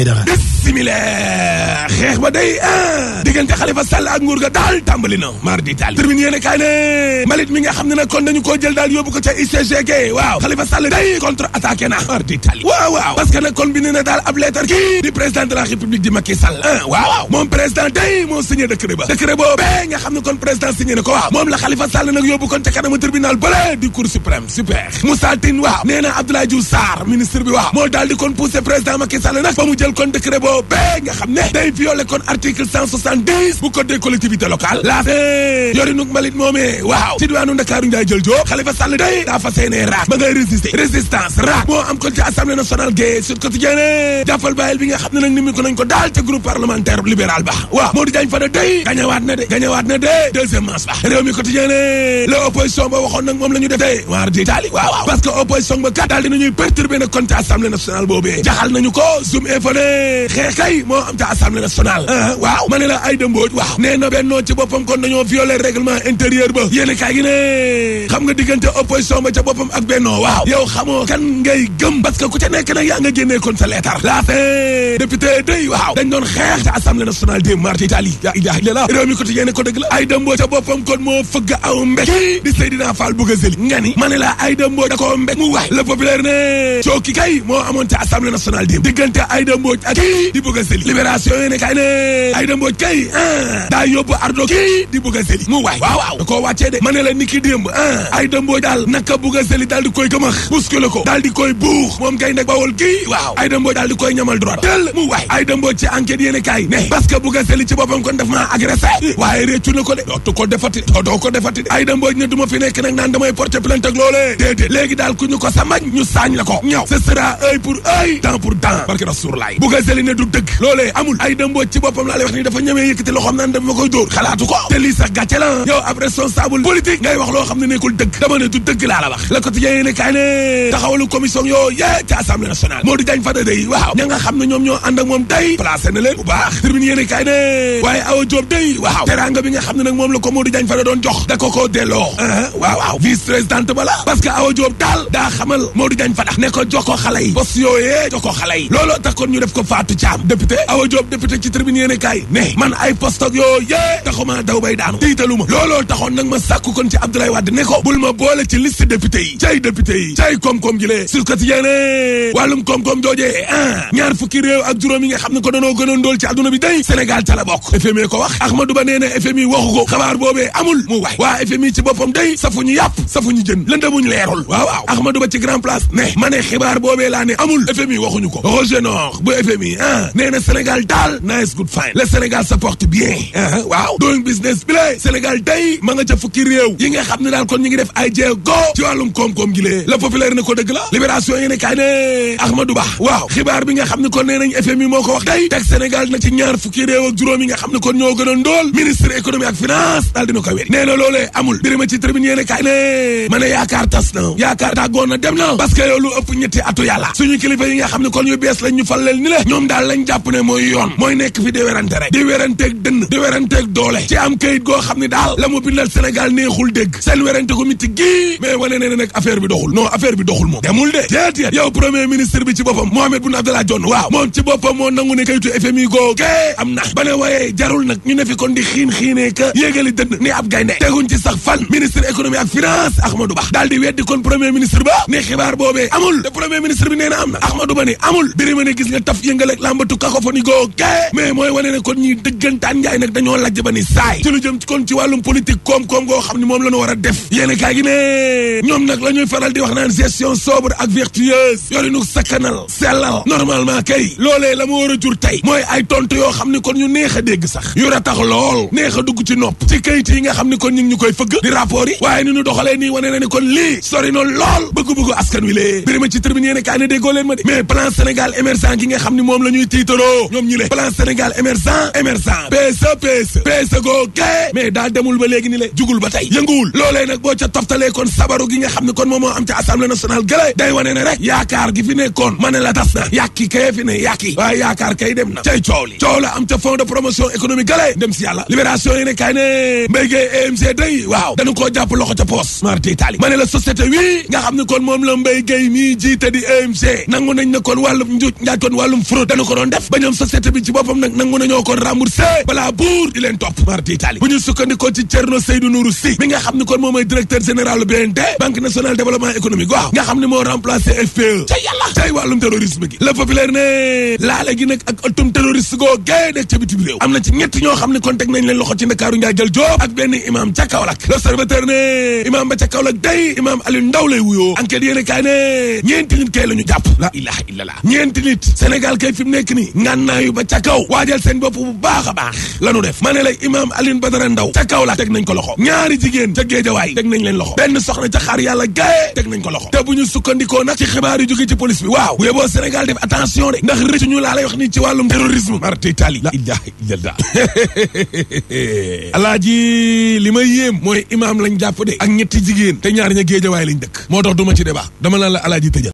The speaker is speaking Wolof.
di similaire xeex ba day a ah. diggante Khalifa Sall ak nguur ga daal tàmbali na mar di tali termine yéene kaay ne mbalit mi nga xam ne nag kon dañu koo jël daal yóbbu ko ca ICG waaw Khalifa Sall day contre attaqué na mar di tali waaw waaw parce que kon bi na daal ab lettre di président de la république di Macky Sall ah waaw moom président day moo signé décret ba xam ne kon président signé na ko waaw moom la Khalifa nag yóbbu kon ca kanamu tribunal bële di cour di kon jël kon décret boo nga xam ne day violé kon article bu code des collectivités locales laa eh, yorinuk mbalit moomee waaw ci diwaanu Ndakaaru Ndiaye jël joo Khalifa Sall day daa seenee raak ba ngay résister résistance raak moo am kon ci assemblée nationale gay sur quotidien jàppal bàyyil bi nga xam ne nag ni nañ ko daal ca groupe parlementaire libéral ba waaw Modou Diagne Fada day gañewaat na de gañewaat na de parce que opposition ba kat nag ne xeex kay moo am ca assemblée nationale ah. Ah, waaw ma ne la ay dëmbooj waaw nee na bennoo ci boppam kon dañoo violé règlement intérieur ba yéen kaay gi ne xam nga diggante opposition ba ca boppam ak bennoo waaw yow xamoo kan ngay gëm parce ku ca nekk nag yaa nga génnee kon sa leetar laa fe député day waaw dañ doon xeex ca assemblée nationale des marti Italie yaa i jaaxle la réew mi ko tijee ne ko dëgg la ay dëmboo ca boppam kon moo fëgg aw mbéj di Seydina a Mbooj kii di bëgg a sëli libération yéene kay ne Aïda Mbooj kay a ah, daa yóbbu ardo kii di bëgg a sëli mu waay waaw waaw da koo wàccee de ma ne la ni démb a ah, Aïda Mbooj daal naka bëgg a sëli daal di koy këmax bousculé ko daal di koy buux moom kay ndek bawol kii waaw Aïda Mbooj daal di koy ñamal droit tel mu waay Aïda Mbooj ci enquête yéene ne parce que sëli ci boppam kon daf maa agressé waaye réccu na ko de dootu ko defati dootoo ko defati Mbooj ne du ma fi nekk nag naan waay a ga seli du dëgg loolee amul ay dëmboo ci boppam laa lay wax ni dafa ñemee yëkkati loxoom naan dama koy dóor xalaatu ko te lii sax gàcce la yow ab responsable politique ngay wax loo xam ne nekkul dëgg day waaw ña xam ne ñoom ñoo ànd moom day placé na leen bu baax tribune yéene kaay ne waaye Awa Diop day waaw teranga bi nga xam ne nag moom la ko Modou Diagne Fada doon jox da ko koo delloo uh-huh. waaw waaw vice présidente ba la Awa Diop daal daa xamal Modou Diagne Fada ñu def ko Fatou Thiam député Awa Diop député ci tribune yéene kaay ne man ay poste ak yoo yée taxuma daw bay daanu tiitalu ma looloo taxoon nag ma sàkku kon ci Abdoulaye Wade ne ko bul ma boole ci liste député yi cay député yi cay koom-koom ji lee sur quotidien ne wàllum koom-koom joojee ah ñaar fukki réew ak juróom yi nga xam ne ko danoo gënoon dool ci àdduna bi day Sénégal ca la bokk FMI ko wax Ahmadou Ba nee na FMI waxu ko xabaar boobee amul mu waay waa FMI ci boppam day safuñu yàpp safuñu jën lëndamuñ leerul waaw waaw Ahmadou Ba ci grand place ne ma ne xibaar boobee laa ne amul FMI waxuñu ko Roger Nord bu FMI ah nee Sénégal daal nice good fine le Sénégal se porte bien ah waaw doing business bi Sénégal day. ma nga ca fukki réew yi nga xam ne daal kon ñu ngi def ay jéego ci wàllum koom-koom gi lee la populaire ne ko dëgg la libération yéene kaay ne Ahmadou Ba waaw xibaar bi nga xam ne kon nee nañ FMI moo wax tey teg Sénégal na ci ñaar fukki réew ak juróom yi nga xam ne kon ñoo gënoon dool ministre économie ak finance daal dina ko wéri nee na loolee amul birima ci tribune yéene kaay ne ma ne yaakaar tas na yaakaar tàggoon na dem na parce que yow lu ëpp ñetti atu yàlla suñu kilifa yi nga xam ne kon ñu bees lañ ñu fal ni la ñoom daal lañ ne mooy mooy nekk fi di werante rek di doole ci am kayit goo xam ne daal la mu bindal Sénégal neexul dégg seen werante ko mitti gii mais wane ne nag affaire bi doxul non affaire bi doxul moom demul de déedéet yow premier ministre bi ci boppam Mohamed nangu ne kayitu FMI googe am na ba ne waaye jarul nag ñu ne fi kon di xiin xiinee ka yéegali dënn ni ab gaynde teguñ ci sax fan ministre économie ak finance Ahmadou Ba daal di taf yëngal ak làmbatu cacophonie googu mais mooy wane ne kon ñi dëggantaan njaay nag dañoo lajj ba ni saay ci lu jëm ci kon ci wàllum politique koom-koom goo xam ne moom la ñu a def yéen gi ne ñoom nag la ñuy faral di wax naan gestion sobre ak vertueuse yori nu sakkanal sellal normalement kay loolee la mu war jur tey mooy ay tontu yoo xam ne kon ñu neex a dégg sax yu ra tax lool neex a dugg ci nopp ci kayit yi nga xam ne kon ñu ñu koy fëgg di rapport yi waaye na ni kon lii sori na lool bëgg-bëggu askan wi lee biri ma ci tribune yéen kaa ne déggoo leen ma de mais xam ni moom la ñuy tiitaroo ñoom ñi le plan Sénégal émergent émergent PSE PSE PSE googu mais daa demul ba léegi ni le jugul ba tey yënguwul loolee nag boo ca toftalee kon sabaru gi nga xam kon moom moo am ca assemblée nationale gële day wane ne rek yaakaar gi fi nekkoon ma ne la tas na yàkki kay fi ne yàkki waaye yaakaar kay dem na cay coow li am ca fonds de promotion économique gële dem si yàlla libération yi ne kay ne mbéygee EMC day waaw dañu koo jàpp loxo ca poos mardi tali ma ne la société wii nga xam kon moom la mbéygee mii jiite di EMC nangu nañ ne kon wàllu njuuj njaaj kon walum fro dañu ko don def ba ñom société bi ci bopam nak nangu nañoo ko rembourser wala bour di len top mar di itali bu ñu ko ci Thierno Seydou Nourou Sy mi nga xamni ni kon moom directeur général BND banque nationale développement économique waaw nga xamni mo remplacer FPE ca yàlla tay walum terrorisme gi le populaire ne la la gi nak ak ëttum terroriste go gée nekk ca bitim réew am ci ñet ñoo xamni kon tek nañ len loxo ci Ndakaaru njaay jël job ak ben imam ca le l'observateur ne imam ba ca Kaolack day imam Aliou ndawlay wuyo wuyoo enquête yéene kaay ne ñent nit kay lañu jàpp la ilaha illallah ñent nit Sénégal kay fi mu nekk nii ngànnaayu ba ca kaw waajal seen bopp bu baax a baax lanu def ma ne la imaam Alioune Badara Ndaw ca kaw la teg nañ ko loxo ñaari jigéen ca géejawaay teg nañ leen loxo benn soxna ca xaar yàlla gaye teg nañ ko loxo te bu ñu sukkandikoo nag ci xibaar yu jóge ci police bi waaw bu yeboo Sénégal def attention de ndax rëccu ñu laa lay wax nii ci wàllum terrorisme marti tali la ilaha illallah alaaji li ma yéem mooy imaam lañ jàpp de ak ñetti jigéen ñaar ña géejawaay lañ dëkk moo tax duma ci débat dama naan la alaaji tëjal